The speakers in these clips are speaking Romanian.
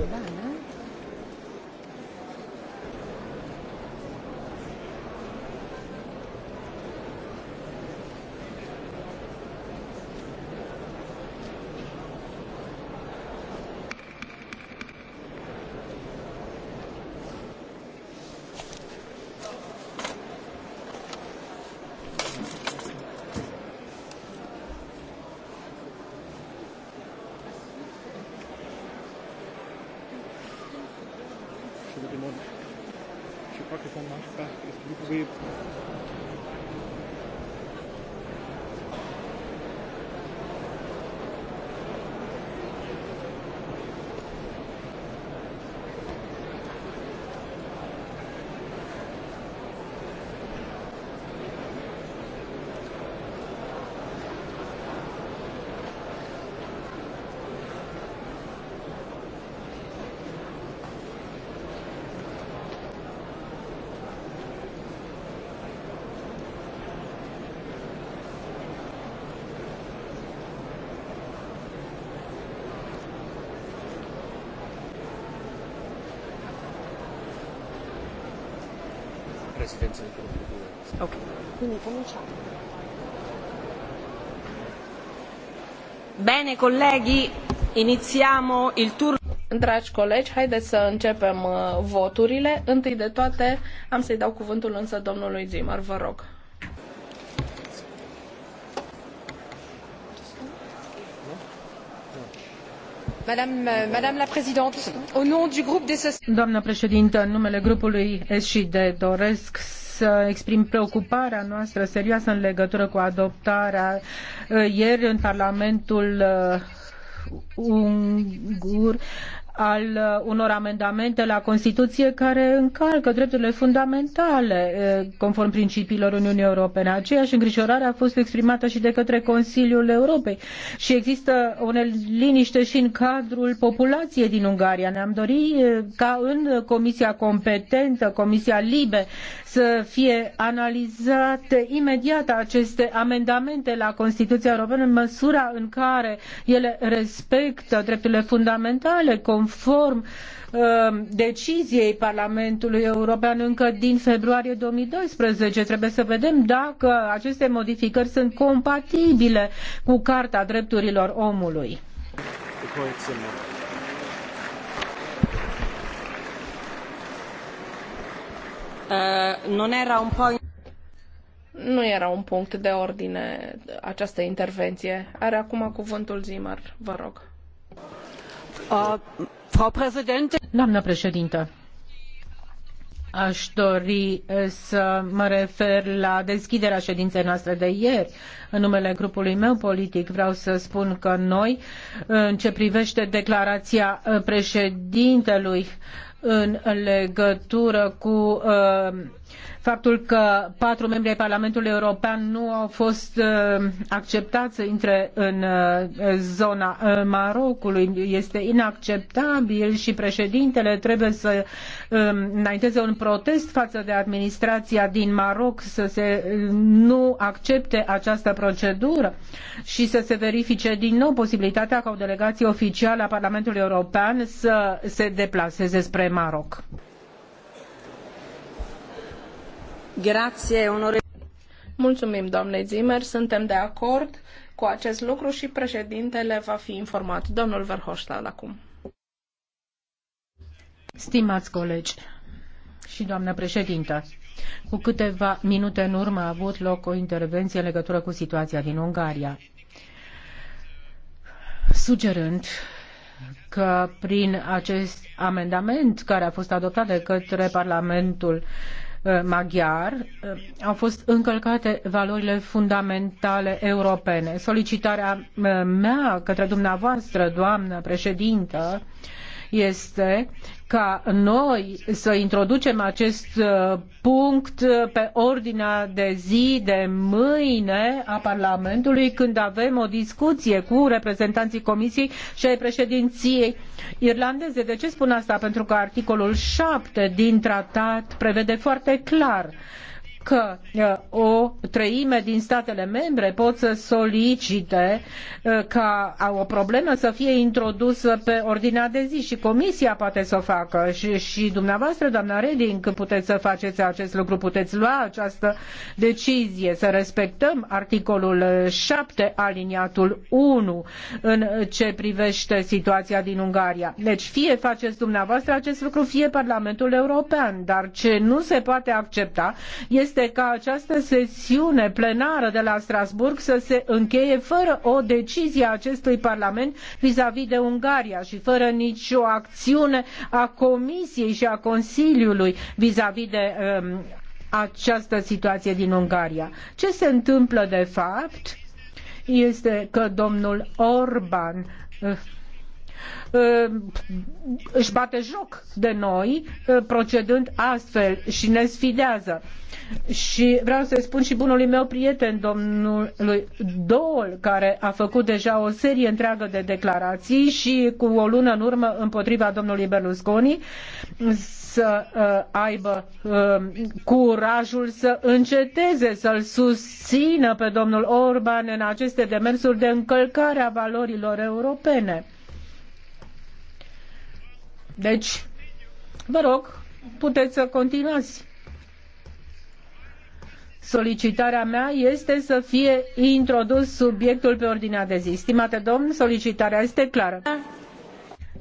Bine, da. asta. It's a bit weird. assistenza di procedura. Ok, quindi cominciamo. Bene, colleghi, iniziamo il turno. Dragi colegi, haideți să începem uh, voturile. Întâi de toate, am să-i dau cuvântul însă domnului Zimar, vă rog. Doamnă președintă, în numele grupului SD doresc să exprim preocuparea noastră serioasă în legătură cu adoptarea uh, ieri în Parlamentul uh, ungur al uh, unor amendamente la Constituție care încalcă drepturile fundamentale uh, conform principiilor Uniunii Europene. Aceeași îngrijorare a fost exprimată și de către Consiliul Europei și există o liniște și în cadrul populației din Ungaria. Ne-am dorit uh, ca în comisia competentă, Comisia Libe, să fie analizate imediat aceste amendamente la Constituția Europeană în măsura în care ele respectă drepturile fundamentale conform conform uh, deciziei Parlamentului European încă din februarie 2012. Trebuie să vedem dacă aceste modificări sunt compatibile cu Carta Drepturilor Omului. Uh, non era un nu era un punct de ordine această intervenție. Are acum cuvântul Zimar, vă rog. Doamnă președintă, aș dori eh, să mă refer la deschiderea edinei noastre de ieri. În numele grupului meu politic vreau să spun că noi, eh, în ce privește declarația eh, președintelui în legătură cu uh, faptul că patru membri ai Parlamentului European nu au fost uh, acceptați să intre în uh, zona Marocului. Este inacceptabil și președintele trebuie să um, înainteze un protest față de administrația din Maroc să se nu accepte această procedură și să se verifice din nou posibilitatea ca o delegație oficială a Parlamentului European să se deplaseze spre Maroc. onore... Mulțumim, doamnei Zimmer. Suntem de acord cu acest lucru și președintele va fi informat. Domnul Verhofstadt acum. Stimați colegi și doamnă președintă, cu câteva minute în urmă a avut loc o intervenție în legătură cu situația din Ungaria, sugerând că prin acest amendament care a fost adoptat de către Parlamentul uh, maghiar uh, au fost încălcate valorile fundamentale europene. Solicitarea uh, mea către dumneavoastră, doamnă președintă, este ca noi să introducem acest uh, punct uh, pe ordinea de zi de mâine a Parlamentului când avem o discuție cu reprezentanții Comisiei și ai președinției irlandeze. De ce spun asta? Pentru că articolul 7 din tratat prevede foarte clar că o treime din statele membre pot să solicite ca o problemă să fie introdusă pe ordinea de zi și Comisia poate să o facă și, și dumneavoastră, doamna Reding, puteți să faceți acest lucru, puteți lua această decizie, să respectăm articolul 7, aliniatul 1 în ce privește situația din Ungaria. Deci fie faceți dumneavoastră acest lucru, fie Parlamentul European, dar ce nu se poate accepta este este ca această sesiune plenară de la Strasbourg să se încheie fără o decizie a acestui Parlament vizavi de Ungaria și fără nicio acțiune a Comisiei și a Consiliului vizavi de um, această situație din Ungaria. Ce se întâmplă de fapt este că domnul Orban uh, Uh, își bate joc de noi uh, procedând astfel și ne sfidează. Și vreau să spun și bunului meu prieten, domnului Dol, care a făcut deja o serie întreagă de declarații și cu o lună în urmă împotriva domnului Berlusconi, să uh, aibă curajul să înceteze, să-l susțină pe domnul Orban în aceste demersuri de încălcare a valorilor europene deci, vă rog, puteți să continuați. Solicitarea mea este să fie introdus subiectul pe ordinea de zi. Stimate domn, solicitarea este clară.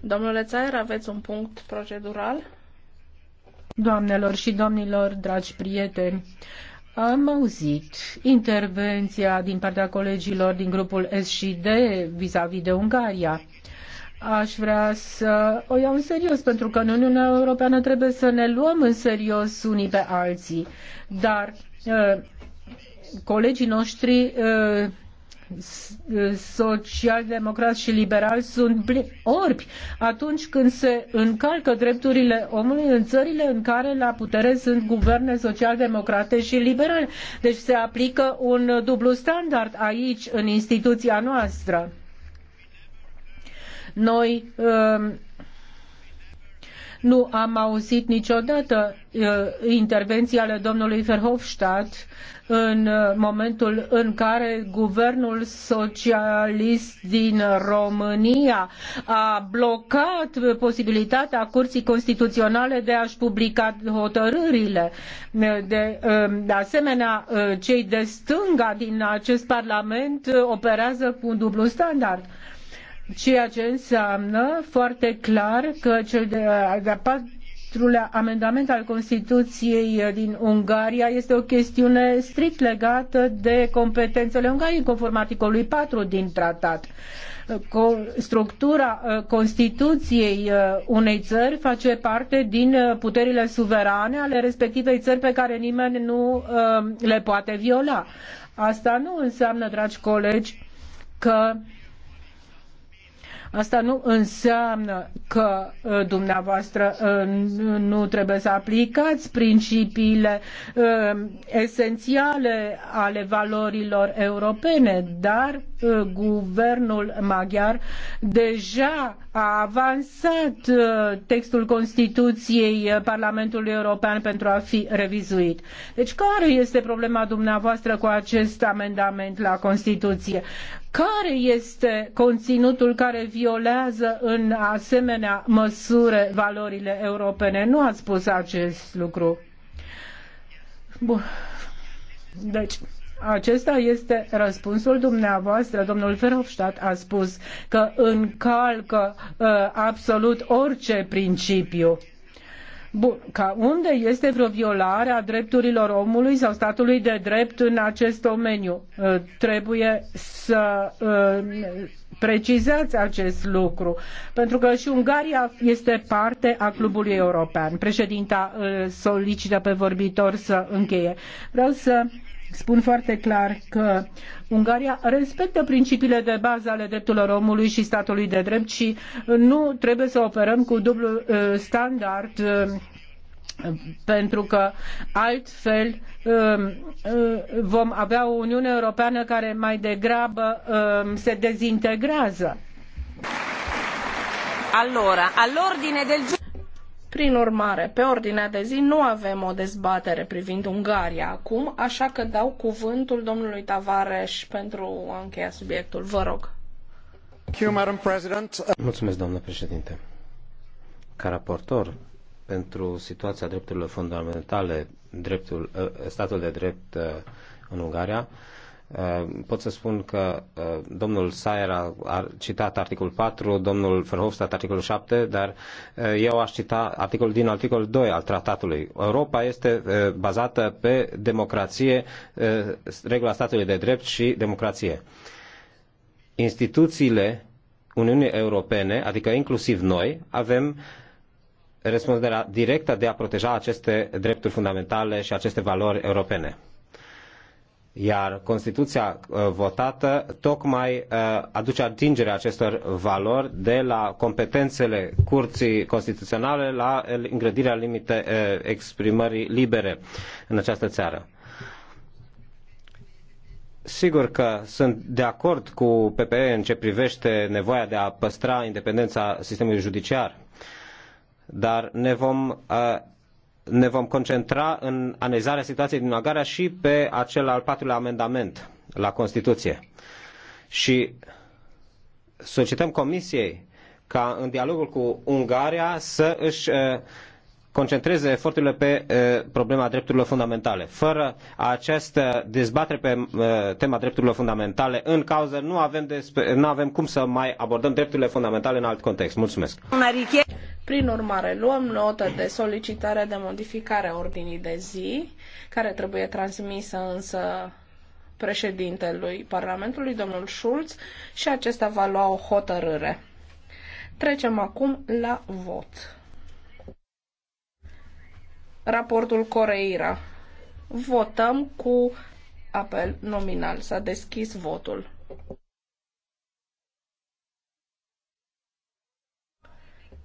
Domnule Țaer, aveți un punct procedural? Doamnelor și domnilor, dragi prieteni, am auzit intervenția din partea colegilor din grupul S și D vis-a-vis -vis de Ungaria aș vrea să o iau în serios, pentru că în Uniunea Europeană trebuie să ne luăm în serios unii pe alții. Dar uh, colegii noștri uh, social-democrați și liberali sunt orbi atunci când se încalcă drepturile omului în țările în care la putere sunt guverne social-democrate și liberale. Deci se aplică un dublu standard aici, în instituția noastră. Noi um, nu am auzit niciodată uh, intervenția ale domnului Verhofstadt în uh, momentul în care guvernul socialist din România a blocat posibilitatea Curții Constituționale de a-și publica hotărârile. De, um, de asemenea, uh, cei de stânga din acest Parlament operează cu un dublu standard ceea ce înseamnă foarte clar că cel de-a patrulea amendament al Constituției din Ungaria este o chestiune strict legată de competențele Ungariei, conform articolului 4 din tratat. Structura uh, Constituției uh, unei țări face parte din uh, puterile suverane ale respectivei țări pe care nimeni nu le poate viola. Asta nu înseamnă, dragi colegi, că uh, Asta nu înseamnă că uh, dumneavoastră uh, nu trebuie să aplicați principiile uh, esențiale ale valorilor europene, dar guvernul maghiar deja a avansat textul Constituției Parlamentului European pentru a fi revizuit. Deci care este problema dumneavoastră cu acest amendament la Constituție? Care este conținutul care violează în asemenea asemenea măsură valorile europene. Nu ați spus acest lucru. Bun. Deci, acesta este răspunsul dumneavoastră. Domnul Verhofstadt a spus că încalcă uh, absolut orice principiu. Bun, ca unde este vreo violare a drepturilor omului sau statului de drept în acest domeniu? Uh, trebuie să uh, precizați acest lucru, pentru că și Ungaria este parte a Clubului European. Președinta uh, solicită pe vorbitor să încheie. Vreau să spun foarte clar că Ungaria respectă principiile de bază ale drepturilor omului și statului de drept și nu trebuie să operăm cu dublu uh, standard uh, pentru că altfel um, uh, vom avea o Uniune Europeană care mai degrabă um, se dezintegrează. Allora, all'ordine del prin urmare, pe ordinea de zi nu avem o dezbatere privind Ungaria acum, așa că dau cuvântul domnului Tavares pentru a încheia subiectul. Vă rog. Mulțumesc, doamnă președinte. Ca raportor pentru situația drepturilor fundamentale, dreptul, ă, statul de drept ă, în Ungaria, Eh, pot să spun că eh, domnul Sayer a citat articolul 4, domnul Verhofstadt articolul 7, dar eh, eu aș cita articolul din articolul 2 al tratatului. Europa este bazată pe democrație, regula statului de drept și democrație. Instituțiile Uniunii Europene, adică inclusiv noi, avem răspunderea directă de a proteja aceste drepturi fundamentale și aceste valori europene iar Constituția uh, votată tocmai uh, aduce atingerea acestor valori de la competențele curții constituționale la îngrădirea limite uh, exprimării libere în această țară. Sigur că sunt de acord cu PPE în ce privește nevoia de a păstra independența sistemului judiciar, dar ne vom ne vom concentra în analizarea situației din Ungaria și pe acel al patrulea amendament la Constituție. Și solicităm Comisiei ca în dialogul cu Ungaria să își eh, concentreze eforturile pe eh, problema drepturilor fundamentale. Fără această dezbatere pe eh, tema drepturilor fundamentale în cauză, nu avem, despre, nu avem cum să mai abordăm drepturile fundamentale în alt context. Mulțumesc! Prin urmare, luăm notă de solicitare de modificare a ordinii de zi, care trebuie transmisă însă președintelui Parlamentului, domnul Schulz, și acesta va lua o hotărâre. Trecem acum la vot. Raportul Coreira. Votăm cu apel nominal. S-a deschis votul.